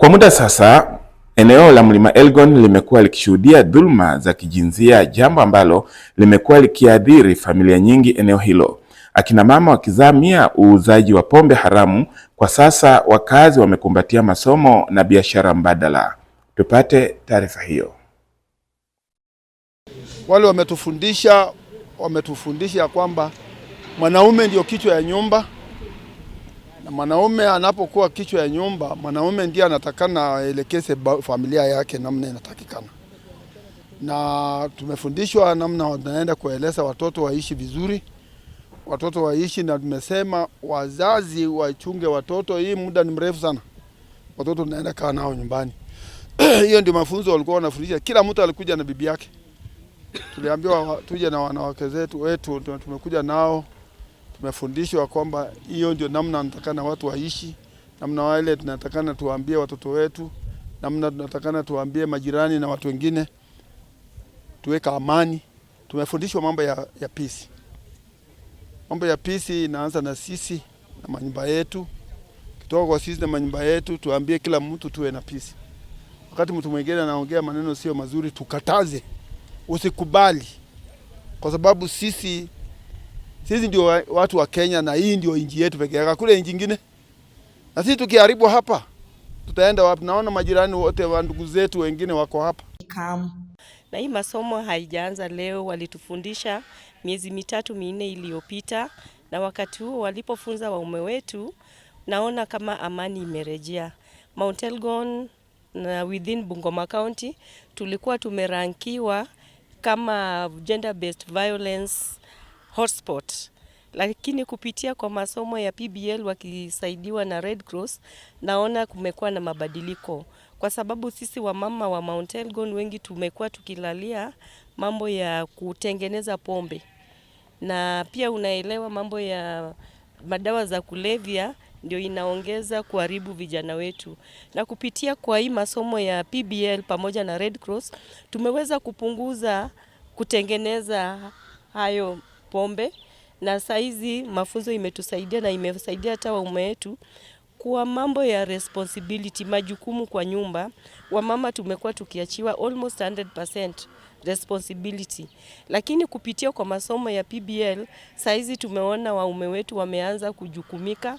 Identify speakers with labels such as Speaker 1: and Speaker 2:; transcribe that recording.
Speaker 1: Kwa muda sasa eneo la Mlima Elgon limekuwa likishuhudia dhuluma za kijinsia, jambo ambalo limekuwa likiathiri familia nyingi eneo hilo. Akina mama wakizamia uuzaji wa pombe haramu, kwa sasa wakazi wamekumbatia masomo na biashara mbadala. Tupate taarifa hiyo.
Speaker 2: Wale wametufundisha wametufundisha kwamba mwanaume ndio kichwa ya nyumba mwanaume anapokuwa kichwa ya nyumba, mwanaume ndiye anatakana aelekeze familia yake namna inatakikana, na tumefundishwa namna wanaenda kueleza watoto waishi vizuri, watoto waishi, na tumesema wazazi wachunge watoto. Hii muda ni mrefu sana, watoto tunaenda kaa nao nyumbani hiyo ndio mafunzo walikuwa wanafundisha. Kila mtu alikuja na bibi yake, tuliambiwa tuje na wanawake zetu wetu, tumekuja nao tumefundishwa kwamba hiyo ndio namna natakana watu waishi, namna wale tunatakana tuwaambie watoto wetu, namna tunatakana tuwaambie majirani na watu wengine, tuweka amani. Tumefundishwa mambo ya, ya peace. Mambo ya peace inaanza na sisi na manyumba yetu, kitoka kwa sisi na manyumba yetu, tuambie kila mtu tuwe na peace. Wakati mtu mwingine anaongea maneno sio mazuri, tukataze, usikubali, kwa sababu sisi sisi ndio watu wa Kenya na hii ndio inji yetu peke yake, kule inji nyingine. Na sisi tukiharibu hapa tutaenda wapi? Naona majirani wote wa ndugu zetu wengine wako hapa.
Speaker 3: Na hii masomo haijaanza leo, walitufundisha miezi mitatu minne iliyopita, na wakati huo walipofunza waume wetu, naona kama amani imerejea Mount Elgon na within Bungoma County tulikuwa tumerankiwa kama gender based violence hotspot, lakini kupitia kwa masomo ya PBL wakisaidiwa na Red Cross, naona kumekuwa na mabadiliko, kwa sababu sisi wamama wa Mount Elgon wengi tumekuwa tukilalia mambo ya kutengeneza pombe na pia unaelewa mambo ya madawa za kulevya ndio inaongeza kuharibu vijana wetu, na kupitia kwa hii masomo ya PBL pamoja na Red Cross tumeweza kupunguza kutengeneza hayo pombe, na saizi mafunzo imetusaidia na imesaidia hata waume wetu kwa mambo ya responsibility, majukumu kwa nyumba. Wamama tumekuwa tukiachiwa almost 100% responsibility, lakini kupitia kwa masomo ya PBL saizi tumeona waume wetu wameanza kujukumika